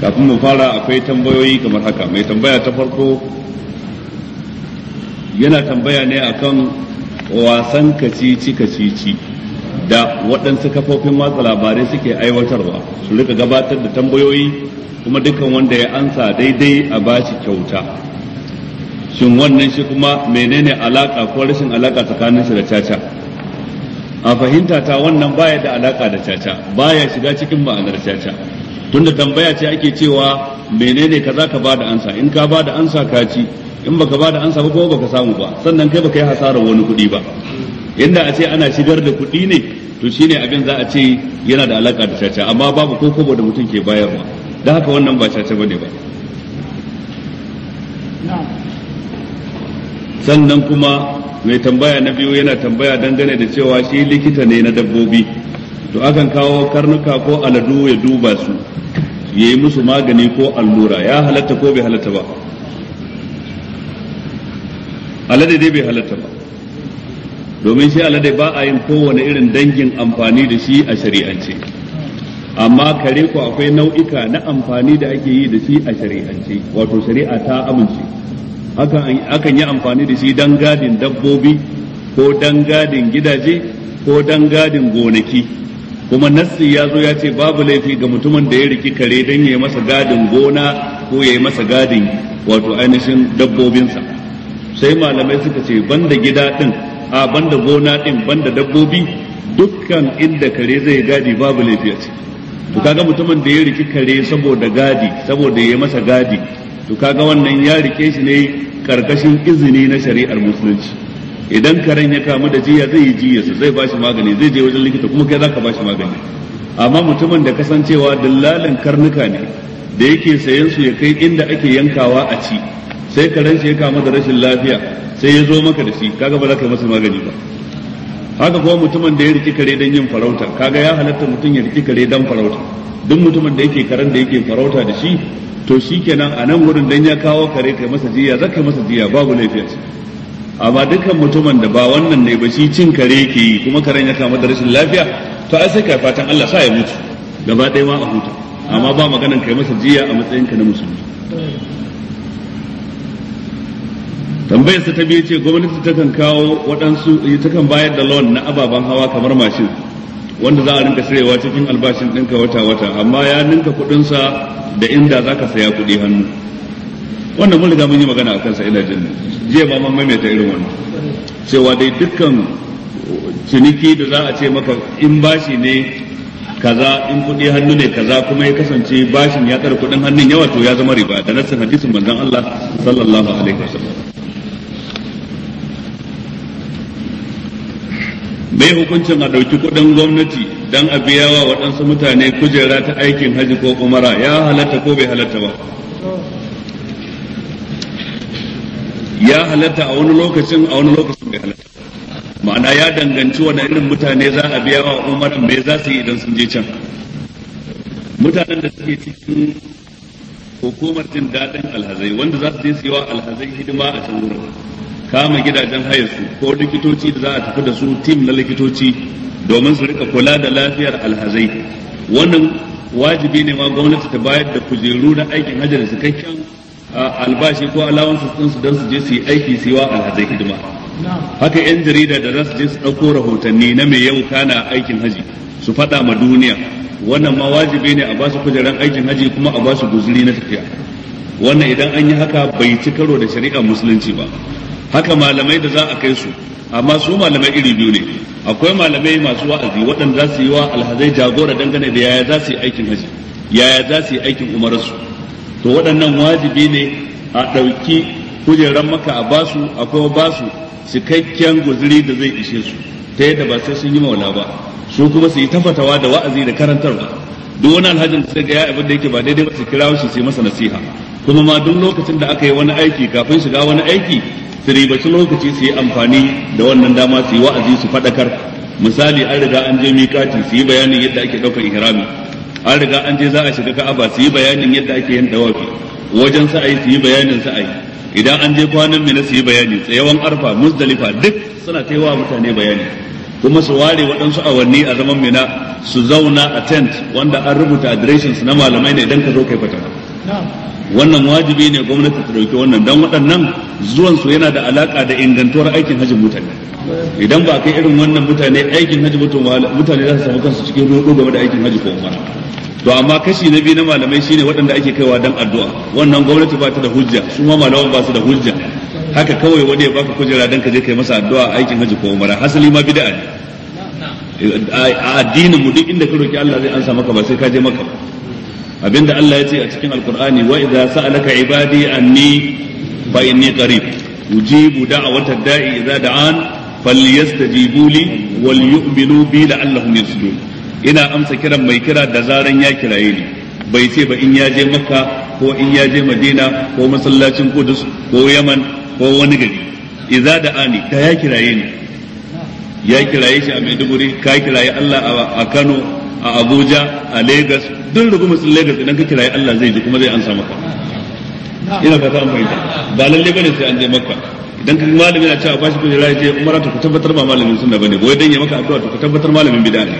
kafin mu fara akwai tambayoyi kamar haka mai tambaya ta farko yana tambaya ne akan wasan kacici kacici da waɗansu kafofin watsa labarai suke aiwatarwa su rika gabatar da tambayoyi kuma dukkan wanda ya ansa daidai a bashi kyauta shin wannan shi kuma menene alaka ko rashin alaka tsakanin shi da caca a fahimta ta wannan baya da alaka da caca baya shiga cikin ma'anar caca tunda tambaya ce ake cewa menene kaza ka ba da ansa in ka ba da ansa ka ci in baka da ansa ba kuma baka samu ba sannan kai baka yi hasarar wani kuɗi ba inda a ce ana shigar da kuɗi ne to shi ne abin za a ce yana da alaƙa da caca amma babu ko kobo da mutum ke bayarwa da haka wannan ba caca bane ba sannan kuma mai tambaya na biyu yana tambaya dangane da cewa shi likita ne na dabbobi to akan kawo karnuka ko aladu ya duba su ya yi musu magani ko allura ya halatta ko bai halatta ba alade dai bai halatta ba domin shi alade ba a yin kowane irin dangin amfani da shi a shari'ance amma kare ku akwai nau'ika na amfani da ake yi da shi a shari'ance wato shari'a ta amince akan yi amfani da shi don gadin dabbobi ko don gadin gidaje ko don gadin gonaki kuma nassi ya zo ya ce babu laifi ga mutumin da ya riki kare don ya yi masa gadin gona ko ya yi masa gadin wato ainihin dabbobinsa sai malamai suka ce banda gida din a banda gona din banda dabbobi dukkan inda kare zai gadi babu laifi a ce to kaga mutumin da ya riki kare saboda gadi saboda ya yi masa gadi to kaga wannan ya rike shi ne karkashin izini na shari'ar musulunci idan karen ya kamu da jiya zai yi jiyarsa zai ba shi magani zai je wajen likita kuma kai zaka ba shi magani amma mutumin da kasancewa dillalin karnuka ne da yake sayan su ya kai inda ake yankawa a ci sai karen shi ya kama da rashin lafiya sai ya zo maka da shi kaga ba za ka yi masa magani ba haka kuma mutumin da ya riki kare don yin farauta kaga ya halatta mutum ya riki kare don farauta duk mutumin da yake karen da yake farauta da shi to shikenan a nan wurin dan ya kawo kare kai masa jiya zaka masa jiya babu laifiya amma dukkan mutumin da ba wannan ne ba shi cin kare yake yi kuma karen ya kama da rashin lafiya to ai sai kai fatan Allah sa ya mutu gaba ɗaya ma a huta amma ba maganan kai masa jiya a matsayinka na musulmi tambayar sa ta biye ce gwamnati ta kan kawo waɗansu ta kan bayar da loan na ababen hawa kamar mashin wanda za a rinka sayewa cikin albashin ɗinka wata-wata amma ya ninka kuɗinsa da inda za ka saya kuɗi hannu wannan mun riga mun yi magana a kansa ina jin jiya ba mun maimaita irin wannan cewa dai dukkan ciniki da za a ce maka in bashi ne kaza in kudi hannu ne kaza kuma ya kasance bashin ya tsara kuɗin hannun yawa to ya zama riba da nassin hadisin manzon Allah sallallahu alaihi wasallam bai hukuncin a ɗauki kuɗin gwamnati don a biya wa waɗansu mutane kujera ta aikin hajji ko umara ya halatta ko bai halatta ba ya halatta a wani lokacin a wani lokacin bai halatta ma'ana ya danganci wani irin mutane za a biya wa umarin me za su yi idan sun je can mutanen da suke cikin hukumar jin daɗin alhazai wanda za su je su yi wa alhazai hidima a can wurin kama gidajen hayarsu ko likitoci da za a tafi da su tim na likitoci domin su rika kula da lafiyar alhazai wannan wajibi ne ma gwamnati ta bayar da kujeru na aikin hajjar da cikakken albashi ko allowances din su dan su je su yi aiki su wa alhazai hidima haka yan jarida da za je su ɗauko rahotanni na mai yau kana aikin haji su faɗa ma duniya wannan ma wajibi ne a ba su kujeran aikin haji kuma a ba su guzuri na tafiya wannan idan an yi haka bai ci karo da shari'a musulunci ba haka malamai da za a kai su amma su malamai iri biyu ne akwai malamai masu wa'azi waɗanda za su yi wa alhazai jagora dangane da yaya za su yi aikin haji yaya za su yi aikin umararsu to waɗannan wajibi ne a ɗauki kujerar maka a basu a kuma basu cikakken guzuri da zai ishe su ta yadda ba sai sun yi maula ba su kuma su yi tafatawa da wa'azi da karantarwa duk wani alhajin da ga ya abin da yake ba daidai ba su kira shi sai masa nasiha kuma ma duk lokacin da aka yi wani aiki kafin shiga wani aiki su ribaci lokaci su yi amfani da wannan dama su yi wa'azi su faɗakar misali an riga an je miƙati su yi bayanin yadda ake ɗaukar ihrami an riga an je za a shiga ka'aba su yi bayanin yadda ake yin dawafi wajen sa'ayi su yi bayanin sa'ayi idan an je kwanan mina su yi bayani tsayawan arfa musdalifa duk suna ta mutane bayani kuma su ware waɗansu awanni a zaman mina su zauna a tent wanda an rubuta adireshin su na malamai ne idan ka zo kai fata wannan wajibi ne gwamnati ta dauki wannan dan waɗannan zuwan su yana da alaka da ingantuwar aikin hajji mutane idan ba kai irin wannan mutane aikin hajji mutane za su samu kansu cikin rodo game da aikin hajji ko umara to amma kashi na biyu na malamai shine waɗanda ake kaiwa dan addu'a wannan gwamnati ba ta da hujja su ma malaman ba su da hujja haka kawai wani ya baka kujera dan ka je kai masa addu'a aikin hajji ko umara hasali ma bid'a ne a addinin mu duk inda ka roki Allah zai ansa maka ba sai ka je maka abinda Allah ya ce a cikin alkur'ani wa idza sa'alaka ibadi anni fa inni qarib ujibu da'wata da'i idza da'an falyastajibu li wal yu'minu bi la'allahum yasdun ina amsa kiran mai kira da zaran ya kiraye ni bai ce ba in ya je makka ko in ya je madina ko masallacin kudus ko yaman ko wani gari idza da'ani da ya kiraye ni ya kiraye shi a maiduguri ka kiraye Allah a Kano a Abuja a Lagos dun rubu mutum Lagos idan ka yi Allah zai ji kuma zai ansa maka ina fata an fahimta ba lalle bane sai an je maka idan kan malami na cewa bashi kujera ya je umara ta ku tabbatar ba malamin sunna bane wai dan ya maka addu'a to ku tabbatar malamin bid'a ne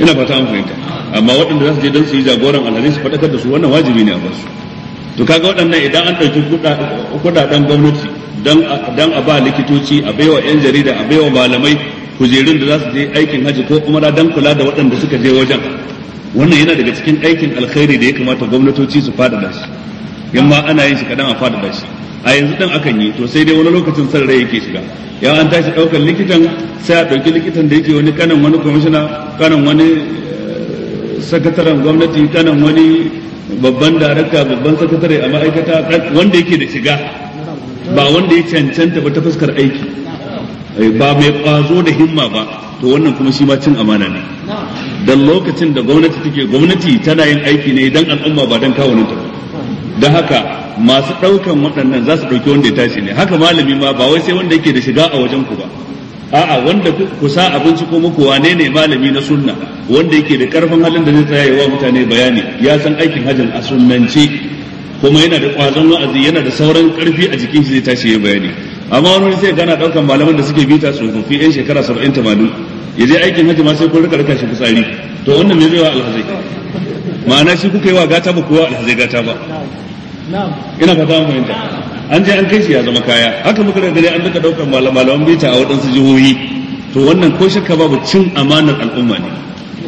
ina fata an fahimta amma waɗanda za su je don su yi jagoran alhari su faɗakar da su wannan wajibi ne a basu to kaga waɗannan idan an ɗauki kuɗaɗen gwamnati dan a ba likitoci a baiwa 'yan jarida a baiwa malamai kujerun da za su je aikin haji ko kuma dan kula da waɗanda suka je wajen wannan yana daga cikin aikin alkhairi da ya kamata gwamnatoci su fadada shi yamma ana yin shi kadan a fadada shi a yanzu dan akan yi to sai dai wani lokacin san rai yake shiga ya an tashi daukar likitan sai a dauki likitan da yake wani kanan wani kwamishina kanan wani eh, sakataren gwamnati kanan wani babban darakta babban sakatare a ma'aikata wanda yake da shiga ba wanda ya cancanta ba ta fuskar aiki Eh, ba mai ƙwazo da himma ba to wannan kuma shi ma cin amana ne dan lokacin da gwamnati take gwamnati tana yin aiki ne dan al'umma ba dan kawo ta da haka masu ɗaukan waɗannan za su ɗauki wanda ya tashi ne haka malami ma ba wai sai wanda yake da shiga a wajen ku ba a'a wanda ku sa abinci ko muku wane ne malami na sunna wanda yake da karfin halin da zai tsaya yawa mutane bayani ya san aikin hajjin a sunnance kuma yana da ƙwazon wa'azi yana da sauran ƙarfi a jikin shi zai tashi ya bayani amma wani sai gana daukan malaman da suke bita fi yan shekara saba'in tamanin ya je aikin hajji ma sai kun rika rika shi fitsari to wannan me zaiwa alhazai ma'ana shi kuka yi wa gata ba kowa alhazai gata ba ina fata mun fahimta an je an kai shi ya zama kaya haka muka gani an rika daukan malaman bita a waɗansu jihohi to wannan ko shakka babu cin amanar al'umma ne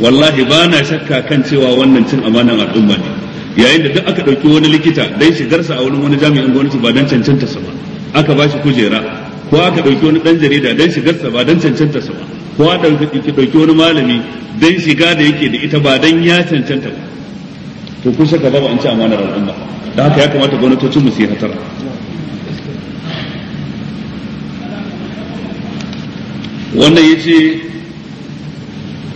wallahi ba na shakka kan cewa wannan cin amanar al'umma ne yayin da duk aka ɗauki wani likita dai shigarsa a wurin wani jami'in gwamnati ba don cancanta sa ba aka ba shi kujera ko aka ɗauki wani ɗan jarida don shigarsa ba don cancanta sa ba ko aka ɗauki wani malami don shiga da yake da ita ba don ya cancanta ba to kun shaka ba an ci amanar al'umma da haka ya kamata gwamnatocin mu su yi hatara wannan ya ce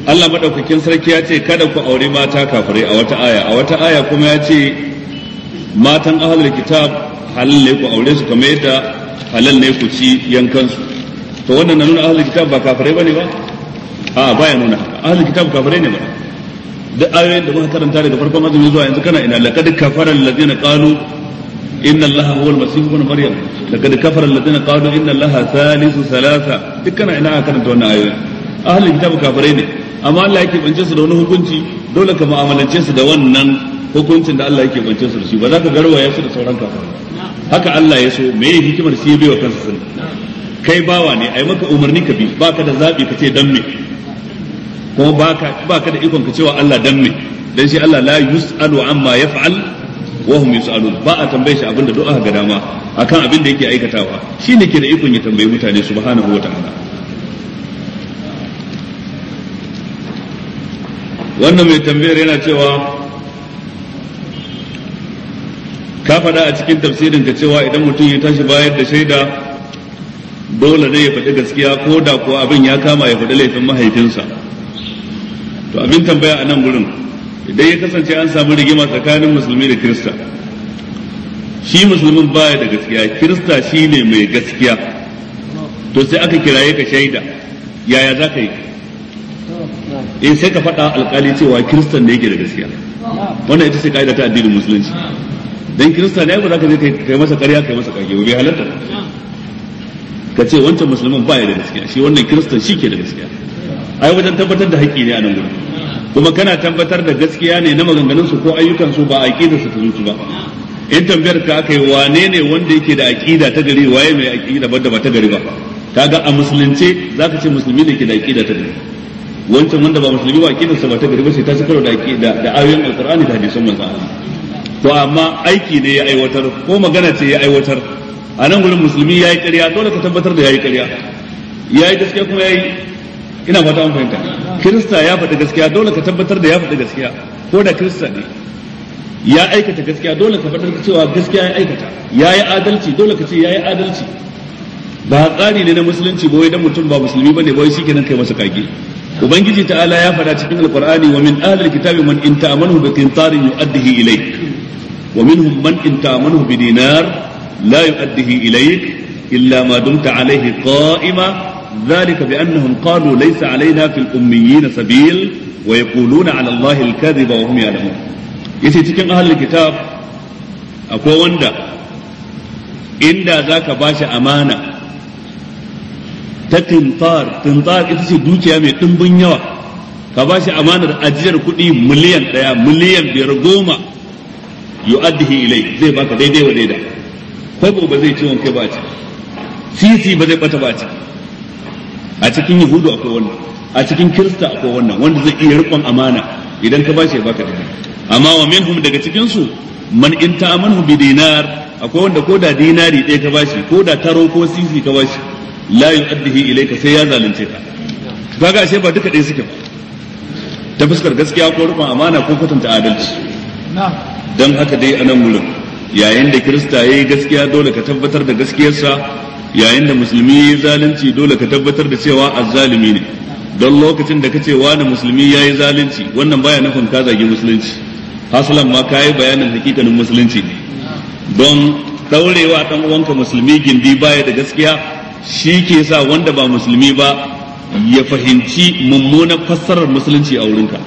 Allah maɗaukakin sarki ya ce kada ku aure mata kafirai a wata aya a wata aya kuma ya ce matan ahalar kitab halal ne ku aure su kamar yadda halal ne ku ci yankansu to wannan na nuna ahlul kitab ba kafirai bane ba a baya nuna haka kitab kafirai ne ba duk ayoyin da muka karanta da farkon azumi zuwa yanzu kana ina laqad kafara alladhina qalu inna allaha huwa almasih ibn maryam laqad kafara alladhina qalu inna allaha thalithu thalatha duk kana ina aka karanta wannan ayoyin ahlul kitab kafirai ne amma Allah yake bance su da wani hukunci dole ka mu'amalance su da wannan hukuncin da Allah yake bance su da shi ba za ka garwaya su da sauran kafirai haka Allah ya so me ya hikimar shi bai wa kansa sunna kai bawa ne ai maka umarni ka bi baka da zabi ka ce dan me kuma baka baka da ikon ka cewa Allah dan me dan shi Allah la yusalu amma yaf'al wa hum yusalun ba a tambaye shi abinda duk aka ga dama akan abin da yake aikatawa shi ne ke da ikon ya tambayi mutane subhanahu wa ta'ala wannan mai tambayar yana cewa ka faɗa a cikin tafsirin ka cewa idan mutum ya tashi bayar da shaida dole ne ya faɗi gaskiya ko da ko abin ya kama ya faɗi laifin mahaifinsa to abin tambaya a nan gurin idan ya kasance an samu rigima tsakanin musulmi da kirista shi musulmin baya da gaskiya kirista shi ne mai gaskiya to sai aka kiraye ka shaida yaya za ka yi in eh, sai ka faɗa alkali cewa kiristan ne yake da gaskiya wannan ita ce ka'ida ta addinin musulunci dan kirista ne ba za ka je kai masa ƙarya kai masa kage bai halatta ka ce wancan musulmin ba ya da gaskiya shi wannan kiristan shi ke da gaskiya ai wajen tabbatar da haƙƙi ne a nan gurin kuma kana tabbatar da gaskiya ne na maganganun su ko ayyukan su ba a aƙida su ta zuci ba in tambayar ka aka yi wane ne wanda yake da aƙida ta gari waye mai aƙida banda ba ta gari ba kaga a musulunce za ka ce musulmi ne ke da aƙida ta gari wancan wanda ba musulmi ba aƙidarsa ba ta gari ba sai ta ci karo da aƙida da ayoyin alƙur'ani da hadisan manzo Allah to amma aiki ne ya aiwatar ko magana ce ya aiwatar a nan gurin musulmi ya yi ƙarya dole ka tabbatar da ya yi ƙarya ya yi gaskiya kuma ya yi ina fata an fahimta kirista ya faɗi gaskiya dole ka tabbatar da ya faɗi gaskiya ko da kirista ne ya aikata gaskiya dole ka faɗar cewa gaskiya ya aikata ya yi adalci dole ka ce ya yi adalci ba tsari ne na musulunci ba wai dan mutum ba musulmi bane ba wai shikenan kai masa kage ubangiji ta'ala ya faɗa cikin alqur'ani wa min ahli alkitabi man in ta'amanu bi qintarin yu'addihi ilayk ومنهم من إن تأمنه بدينار لا يؤديه إليك إلا ما دمت عليه قائما ذلك بأنهم قالوا ليس علينا في الأميين سبيل ويقولون على الله الكذب وهم يعلمون yace cikin ahalin kitab akwai wanda inda za ka ba shi amana ta tintar tintar ita ce dukiya mai ɗimbin yawa ka ba shi amanar ajiyar kuɗi miliyan ɗaya miliyan biyar goma addihi ilai zai baka daidai wa daida kwabo ba zai ciwon kai ba ci. sisi ba zai bata ba ci. a cikin yahudu akwai wannan a cikin kirista akwai wannan wanda zai iya rikon amana idan ka bashi ya baka daidai amma wa minhum daga cikin su man in ta amanu bi dinar akwai wanda ko da dinari ɗaya ka bashi ko da taro ko sisi ka bashi la ilai ka sai ya zalunce ka kaga ashe ba duka ɗaya suke ba ta fuskar gaskiya ko rikon amana ko kwatanta adalci na'am don haka dai a nan wurin yayin da kirista ya yi gaskiya dole ka tabbatar da gaskiyarsa yayin da musulmi ya yi zalunci dole ka tabbatar da cewa azzalumi ne don lokacin da ka ce wani musulmi ya yi zalunci wannan baya nufin ka zagi musulunci hasalan ma ka yi bayanin hakikanin musulunci ne don daurewa ɗan uwanka musulmi gindi baya da gaskiya shi ke sa wanda ba musulmi ba ya fahimci mummunan fassarar musulunci a wurinka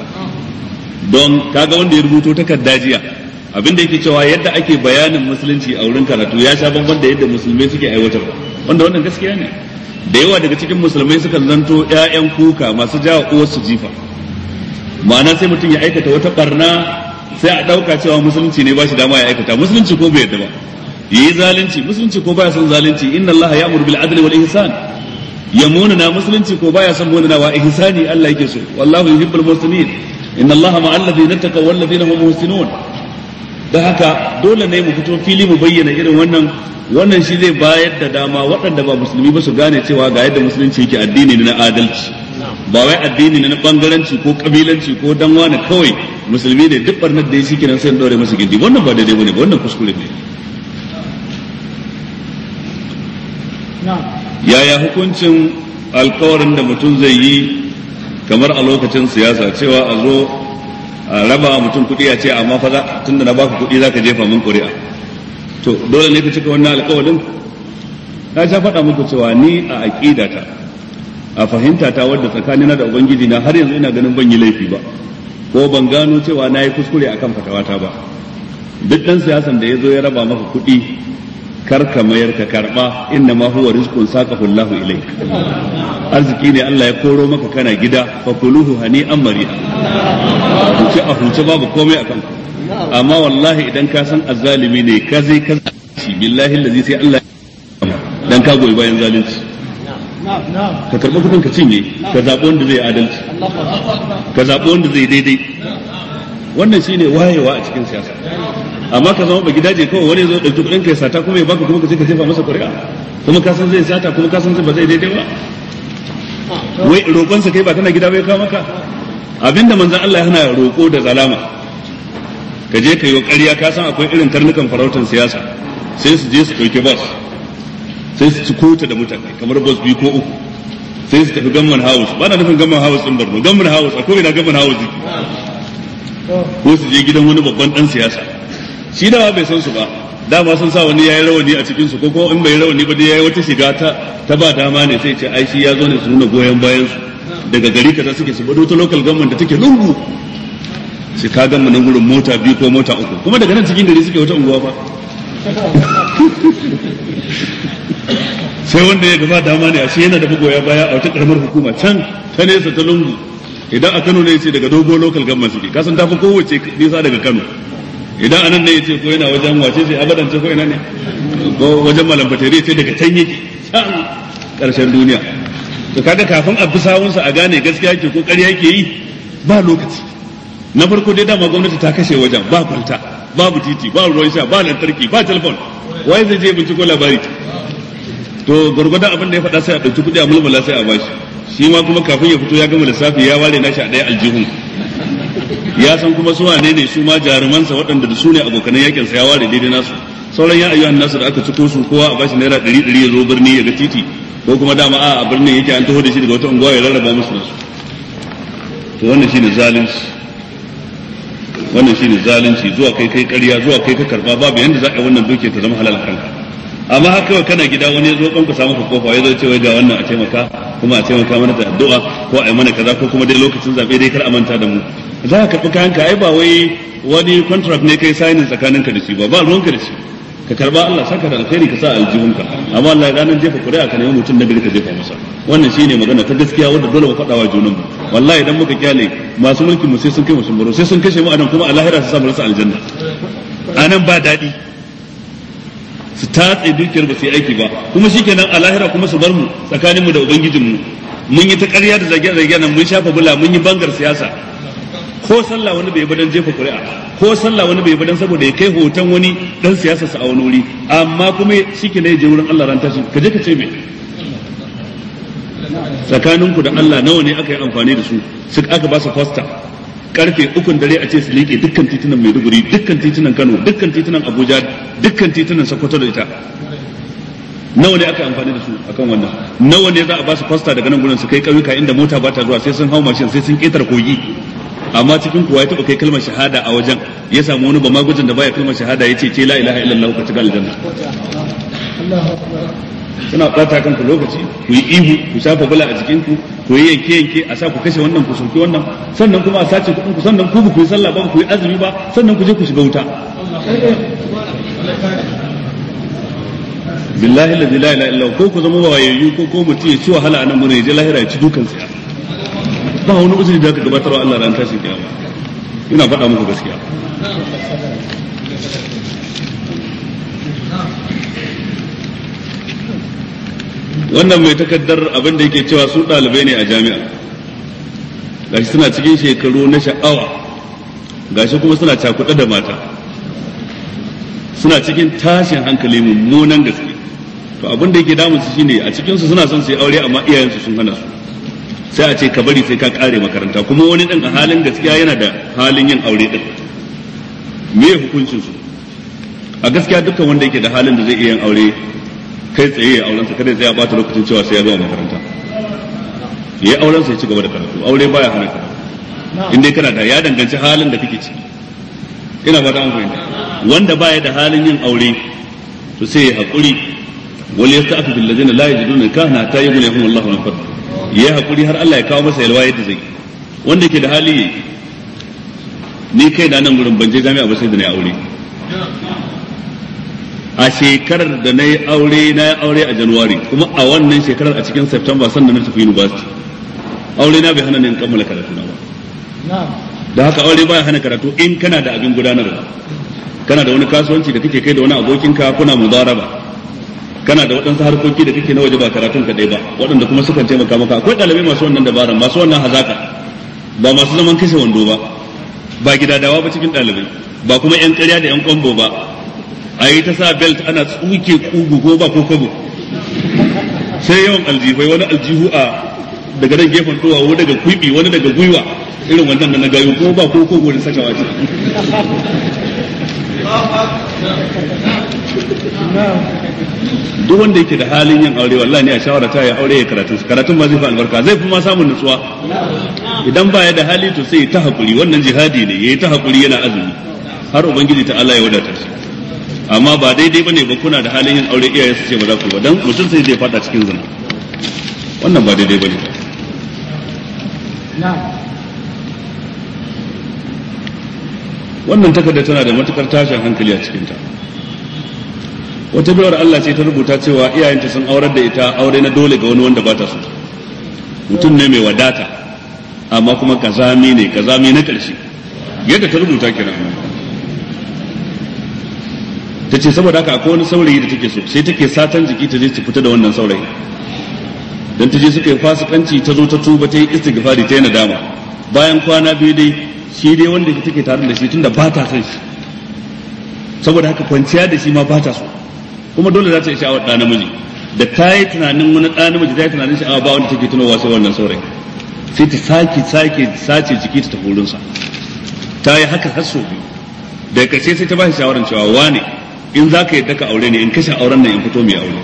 don kaga wanda ya rubuto takarda jiya abin da yake cewa yadda ake bayanin musulunci a wurin karatu ya sha bamban da yadda musulmai suke aiwatar wanda wannan gaskiya ne da yawa daga cikin musulmai suka zanto ƴaƴan kuka masu jawa su jifa ma'ana sai mutum ya aikata wata barna sai a ɗauka cewa musulunci ne ba shi dama ya aikata musulunci ko bai yadda ba yi zalunci musulunci ko baya son zalunci inna allaha ya'muru bil adli wal ihsan ya munana musulunci ko baya son munana wa ihsani Allah yake so wallahu yuhibbul muslimin inna allaha ma'al ladina taqaw wal ladina hum muhsinun don haka dole ne mu fito fili mu bayyana irin wannan wannan shi zai bayar da dama waɗanda ba musulmi ba su gane cewa ga yadda musulunci yake addini na adalci ba wai addini na bangaranci ko kabilanci ko dan wani kawai musulmi ne duk barnar da ya shi kenan sai dore masa gindi wannan ba daidai bane ba wannan kuskure ne yaya hukuncin alkawarin da mutum zai yi kamar a lokacin siyasa cewa a zo raba mutum kuɗi ya ce amma fa da na baka kuɗi zaka jefa min ƙuri'a to dole ne ka cika wannan alƙawarin na sha faɗa muku cewa ni a aƙidata a fahimta ta wadda tsakanina da ubangiji na har yanzu ina ganin ban yi laifi ba ko ban gano cewa na yi kuskure akan fatawata ba duk ɗan siyasan da ya zo ya raba maka kuɗi kar ka mayar ka karba inna ma huwa rizqun saqahu Allahu ilayk arziki ne Allah ya koro maka kana gida fa kuluhu hani amariya huce a huce babu komai akan amma wallahi idan ka san azzalimi ne ka zai ka shi billahi allazi sai Allah dan ka goyi bayan zalunci ka karɓi kudin ka cinye ka zabo wanda zai adalci ka zabo wanda zai daidai wannan shine wayewa a cikin siyasa amma ka zama ba gidaje kawai wani zo ɗauki kudin kai sata kuma ya baka kuma ka ce ka jefa masa ƙuri'a kuma ka san zai sata kuma ka san zai ba zai daidai ba wai roƙonsa kai ba kana gida bai kawo maka abinda manzon Allah yana roƙo da zalama ka je ka yi ƙarya ka san akwai irin karnukan farautan siyasa sai su je su ɗauki bas sai su ci kota da mutane kamar bas biyu ko uku sai su tafi gamman house ba na nufin gamman house ɗin barno gamman house akwai na gamman house ko su je gidan wani babban ɗan siyasa shi dama bai san su ba dama sun sa wani yayi rawani a cikin su ko ko in bai rawani ba dai yayi wata shiga ta ta ba dama ne sai ce ai shi ya zo ne su nuna goyen bayan su daga gari kaza suke su bado ta local government da take lungu sai ka ga nan gurin mota biyu ko mota uku kuma daga nan cikin gari suke wata unguwa ba sai wanda ya gaba dama ne a shi yana da bugoya baya a wata karamar hukuma can ta nesa ta lungu idan a Kano ne ce daga dogon local government suke kasan tafi kowace nisa daga Kano idan anan ne yace ko yana wajen wace sai abadan ce ko ina ne ko wajen malam batare ce daga can yake san karshen duniya to kaga kafin a sa a gane gaskiya yake ko ƙarya yake yi ba lokaci na farko dai dama gwamnati ta kashe wajen ba kwalta babu titi ba ruwan sha ba lantarki ba telefon wai zai je ko labari to gwargwadon abin da ya faɗa sai a ɗauki kuɗi a mulmula sai a bashi shi ma kuma kafin ya fito ya gama lissafi ya ware nashi a ɗaya aljihun ya san kuma su wane ne su ma jarumansa waɗanda da su ne abokanan yakin sa ya ware daidai nasu sauran ya ayyuhan nasu da aka ciko su kowa a bashi naira ɗari ɗari ya zo birni ya ga titi ko kuma dama a birnin yake an taho da shi daga wata unguwa ya rarraba musu nasu to wannan shine zalunci wannan shine zalunci zuwa kai kai ƙarya zuwa kai ka karba babu yanda za a yi wannan duke ta zama halal kanka amma haka kana gida wani ya zo kanka samu ka kofa ya zo cewa ga wannan a taimaka kuma a taimaka mana da addu'a ko a yi mana kaza ko kuma dai lokacin zabe dai kar a manta da mu za ka karɓi kayanka ai ba wai wani contract ne kai sainin tsakaninka da shi ba ba ruwanka da shi ka karba Allah saka da alkhairi ka sa aljihunka amma Allah ranar jefa kuri'a ka nemi mutum na gari ka jefa masa wannan shine magana ta gaskiya wanda dole mu faɗa wa junan mu wallahi idan muka kyale masu mulkin mu sai sun kai mu sun sai sun kashe mu anan kuma a lahira su sa mu rasa aljanna anan ba daɗi su tatse dukiyar ba su yi aiki ba kuma shikenan a lahira kuma su bar mu tsakanin mu da ubangijin mu mun yi ta ƙarya da zage-zage nan mun shafa bula mun yi bangar siyasa ko sallah wani bai badan jefa kuri'a ko sallah wani bai badan saboda ya kai hoton wani dan siyasa sa a wani wuri amma kuma shikenan ya je wurin Allah ran tashi ka je ka ce me tsakaninku da Allah nawa ne aka yi amfani da su su aka ba su fosta karfe ukun dare a ce su leke dukkan titunan Maiduguri dukkan titunan Kano dukkan titunan Abuja dukkan titunan Sokoto da ita nawa ne aka amfani da su akan wannan nawa ne za a ba su fasta daga nan gurin su kai ƙauyuka inda mota ba ta zuwa sai sun hau mashin sai sun ƙetare kogi amma cikin kuwa ya taɓa kai kalmar shahada a wajen ya samu wani bamagujin da baya kalmar shahada ya ce ce la ilaha illallah ka ci aljanna suna kan kanku lokaci ku yi ihu ku shafa bula a jikin ku ku yi yanke yanke a sa ku kashe wannan ku soki wannan sannan kuma a sace kuɗin ku sannan ku ku yi sallah ba ku yi azumi ba sannan ku je ku shiga wuta billahi la ilaha illa ko ku zama wayayyu ko ko mutum ya ci wahala a nan mun ya je lahira ya ci dukan sa ba wani uzuri da aka gabatarwa Allah ran tashin kiyama ina faɗa muku gaskiya wannan mai takaddar abin da yake cewa su ɗalibai ne a jami'a gashi suna cikin shekaru na sha'awa gashi kuma suna cakuɗa da mata suna cikin tashin hankali mummunan gaske to abin da yake damun su shine a cikin su suna son su yi aure amma iyayensu sun hana su sai a ce ka bari sai ka kare makaranta kuma wani ɗin a halin gaskiya yana da halin yin aure din me hukuncin su a gaskiya dukkan wanda yake da halin da zai iya yin aure kai tsaye ya auren sa kada tsaya bata lokacin cewa sai ya a makaranta ya auren sa ya ci gaba da karatu aure baya hana karatu in dai kana da ya danganci halin da kake ciki ina ta an fahimta wanda baya da halin yin aure to sai ya hakuri wal yastafi bil ladina la yajiduna kana ta yabul yahum Allahu min fadl ya hakuri har Allah ya kawo masa yalwa yadda zai wanda ke da hali ni kai da nan gurin ban je jami'a ba sai da na aure a shekarar da na yi aure na yi aure a januwari kuma a wannan shekarar a cikin september sannan na tafi university aure na bai hana ni kammala karatu na ba da haka aure baya hana karatu in kana da abin gudanarwa kana da wani kasuwanci da kake kai da wani abokinka kuna ba. kana da waɗansu harkoki da kake na waje ba karatun kaɗai ba waɗanda kuma sukan taimaka maka akwai ɗalibai masu wannan dabaran masu wannan hazaka ba masu zaman kashe wando ba ba gidadawa ba cikin ɗalibai ba kuma 'yan ƙarya da 'yan kwambo ba a yi ta sa belt ana tsuke kugu ko ba ko kabo sai yawan aljihu wani aljihu a daga nan gefen towa wani daga kwibi wani daga gwiwa irin wannan da na gayo ko ba ko kogo da saka ce duk wanda yake da halin yin aure wallahi ne a shawara ta ya aure ya karatu karatun ba zai fa albarka zai fi ma samun nutsuwa idan ba ya da hali to sai ta hakuri wannan jihadi ne yi ta hakuri yana azumi har ubangiji ta Allah ya wadatar shi amma ba daidai bane ba kuna da halin yin aure iyaye su ce ba za ku ba dan mutum sai zai fada cikin zina wannan ba daidai bane wannan takarda tana da matukar tashin hankali a cikinta wata biyar Allah ce ta rubuta cewa iyayenta sun aurar da ita aure na dole ga wani wanda ba ta so mutum ne mai wadata amma kuma kazami ne kazami na ƙarshe yadda ta rubuta kenan ta ce saboda haka akwai wani saurayi da take so sai take satan jiki ta je ta fita da wannan saurayi don ta je suka yi fasikanci ta zo ta tuba ta yi istighfari ta yi nadama bayan kwana biyu dai shi dai wanda take tare da shi tunda ba ta son shi saboda haka kwanciya da shi ma ba ta so kuma dole za ta yi sha'awar ɗa namiji da ta yi tunanin wani ɗa namiji ta yi tunanin sha'awa ba wanda take tunawa sai wannan saurayi sai ta sake sake sace jiki ta tafi wurinsa ta yi haka har sau biyu daga ƙarshe sai ta ba shi shawarar cewa wane ne in za ka yadda ka aure ne in kashe auren nan in fito mai aure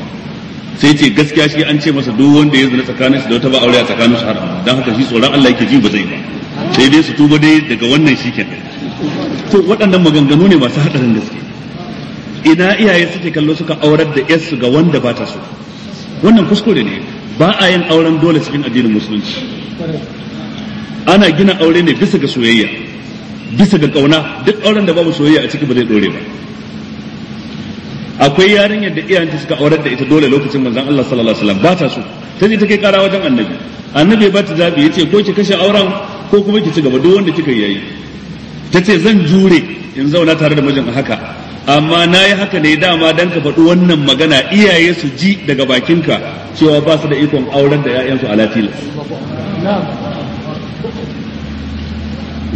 sai ce gaskiya shi an ce masa duk wanda ya zina tsakanin su da wata ba aure a tsakanin su haram dan haka shi tsoron Allah yake ji ba zai ba sai dai su tuba dai daga wannan shi ke to waɗannan maganganu ne masu hadarin gaske ina iyaye suke kallo suka aurar da yarsu ga wanda ba ta so wannan kuskure ne ba a yin auren dole cikin addinin musulunci ana gina aure ne bisa ga soyayya bisa ga kauna duk auren da babu soyayya a ciki ba zai dore ba akwai yarinyar da iyayenta suka aurar da ita dole lokacin manzon Allah sallallahu alaihi wasallam ba ta so ta ta kai kara wajen annabi annabi ba ta zabi yace ko ki kashe auren ko kuma ki ci gaba duk wanda kika yayi ta ce zan jure in zauna tare da mijin haka amma na yi haka ne dama dan ka faɗi wannan magana iyaye su ji daga bakinka cewa ba su da ikon auren da 'ya'yansu a latilas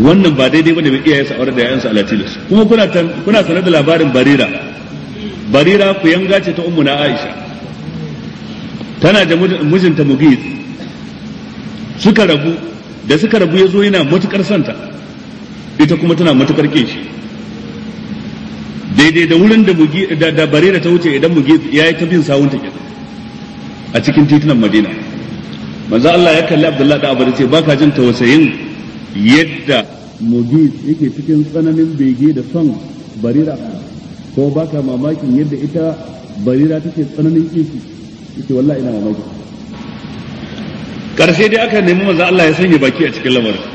wannan ba daidai bane mai iyaye su auren da 'ya'yansu a latilas kuma kuna sanar da labarin barira barira ku yanga ce ta ummu na aisha tana da mijinta mughith suka rabu da suka rabu ya zo yana matukar santa ita kuma tana matukar kin shi daidai da wurin da da barira ta wuce idan mughith ya yi ta bin sawunta ke a cikin titunan madina manzo Allah ya kalli Abdullah da Abu ce baka jin tausayin yadda Mughith yake cikin tsananin bege da son barira ko ba ka mamakin yadda ita barira take tsananin kishi ita, wallahi ina mamaki karshe dai aka nemi manzo Allah ya sanya baki a cikin lamarin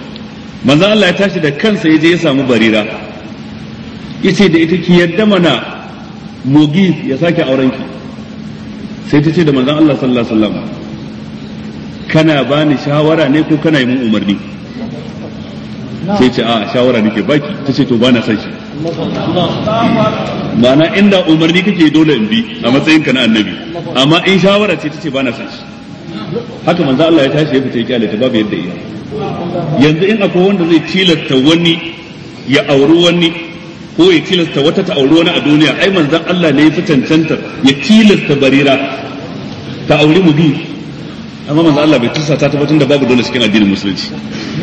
manzo Allah ya tashi da kansa yaje ya samu barira yace da ita ki yadda mana mugi ya sake auren ki sai ta ce da manzo Allah sallallahu alaihi wasallam kana bani shawara ne ko kana yi mun umarni sai ce a shawara nake baki ta ce to bana son shi ma'ana inda umarni kake dole in bi a matsayin ka na annabi amma in shawara ce tace ba na san shi haka manzo Allah ya tashi ya fita ya kyale ta babu yadda iya yanzu in akwai wanda zai tilasta wani ya auri wani ko ya tilasta wata ta auri wani a duniya ai manzo Allah ne ya fi cancantar ya tilasta barira ta auri mu bi amma manzo Allah bai tusa ta ba da babu dole cikin addinin musulunci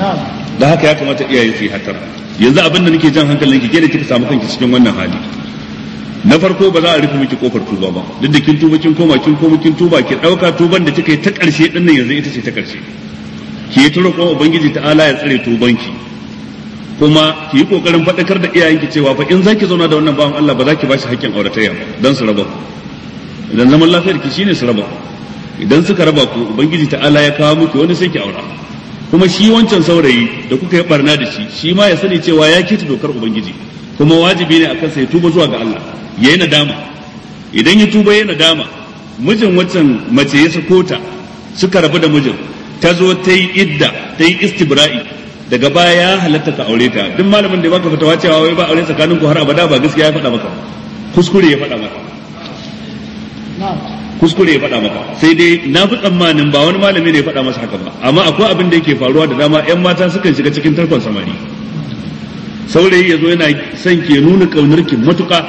na'am da haka ya kamata iyaye su yi hatar yanzu abin da nake jan hankalin ki da kika samu kanki cikin wannan hali na farko ba za a rufe miki kofar tuba ba duk da kin tuba kin koma kin koma kin tuba ki dauka tuban da kika yi ta karshe din nan yanzu ita ce ta karshe ki yi turo kuma ubangiji ta'ala ya tsare ki kuma ki yi kokarin faɗakar da iyayen ki cewa fa in zaki zauna da wannan bawan Allah ba za ki bashi haƙƙin auratayya dan su raba idan zaman lafiyar ki shine su raba idan suka raba ku ubangiji ta'ala ya kawo miki wani sai ki aura kuma shi wancan saurayi da kuka yi barna da shi shi ma ya sani cewa ya keta dokar ubangiji kuma wajibi ne akan sa ya tuba zuwa ga Allah ya yi nadama idan ya tuba ya nadama mijin wancan mace ya sako ta suka rabu da mijin ta zo ta yi idda ta yi istibra'i daga baya ya halatta ka aure ta duk malamin da baka fatawa cewa wai ba aure tsakanin ku har abada ba gaskiya ya faɗa maka kuskure ya faɗa maka kuskure ya faɗa maka sai dai na fi tsammanin ba wani malami ne ya faɗa masa hakan ba amma akwai abin da yake faruwa da dama yan mata sukan shiga cikin tarkon samari saurayi ya zo yana son ke nuna ƙaunar ki matuƙa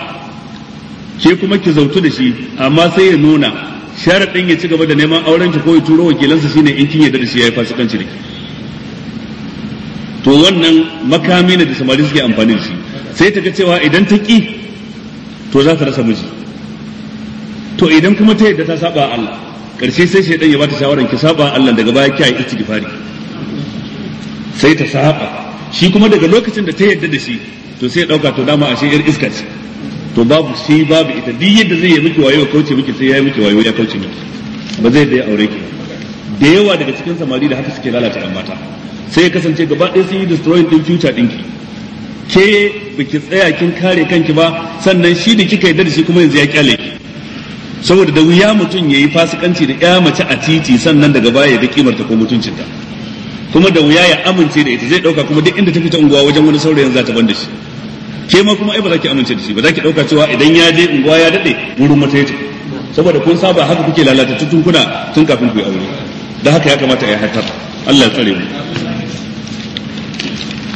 ke kuma ki zautu da shi amma sai ya nuna sharaɗin ya ci gaba da neman auren ki ko ya turo wakilansa shine in kin yarda da shi ya yi fasikanci da ki to wannan makami ne da samari suke amfani da shi sai ta ga cewa idan ta ki to za ta rasa miji to idan kuma ta yadda ta saba Allah karshe sai shaidan ya bata shawaran ki saba Allah daga baya kiyaye istighfari sai ta saba shi kuma daga lokacin da ta yadda da shi to sai ɗauka dauka to dama ashe yar iska ce to babu sai babu ita duk yadda zai yi miki wayo ya kauce miki sai ya yi miki wayo ya kauce miki ba zai da ya aure ki da yawa daga cikin samari da haka suke lalata ɗan mata sai ya kasance gaba ɗaya sun yi destroying din future ɗinki ke biki tsaya kin kare kanki ba sannan shi da kika yadda da shi kuma yanzu ya kyale ki saboda da wuya mutum ya yi fasikanci da ya mace a titi sannan daga baya ya ga kimar ta ko mutuncinta kuma da wuya ya amince da ita zai dauka kuma duk inda ta fita unguwa wajen wani saurayin za ta ban da shi ke ma kuma ai ba za ki amince da shi ba za ki dauka cewa idan ya je unguwa ya dade wurin mata ya saboda kun saba haka kuke lalata tutun kuna tun kafin ku yi aure da haka ya kamata ya hatar Allah ya tsare mu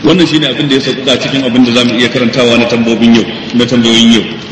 wannan shine abin da ya sauka cikin abin da zamu iya karantawa na tambobin yau na tambayoyin yau